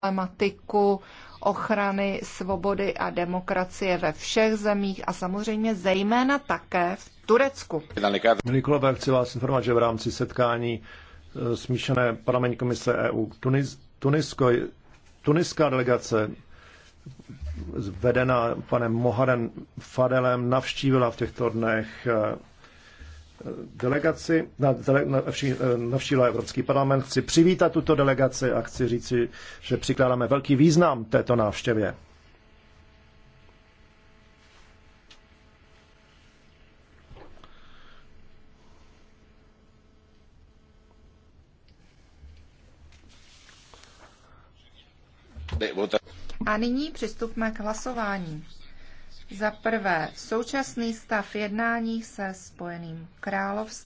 problematiku ochrany svobody a demokracie ve všech zemích a samozřejmě zejména také v Turecku. Nikolové, chci vás informovat, že v rámci setkání eh, smíšené parlamentní komise EU Tunis, Tunisko, tuniská delegace vedená panem Moharem Fadelem navštívila v těchto dnech eh, delegaci, na, vši eh, na všílo Evropský parlament. Chci přivítat tuto delegaci a chci říci, že přikládáme velký význam této návštěvě. A nyní přistupme k hlasování. Za prvé, současný stav jednání se Spojeným královstvím.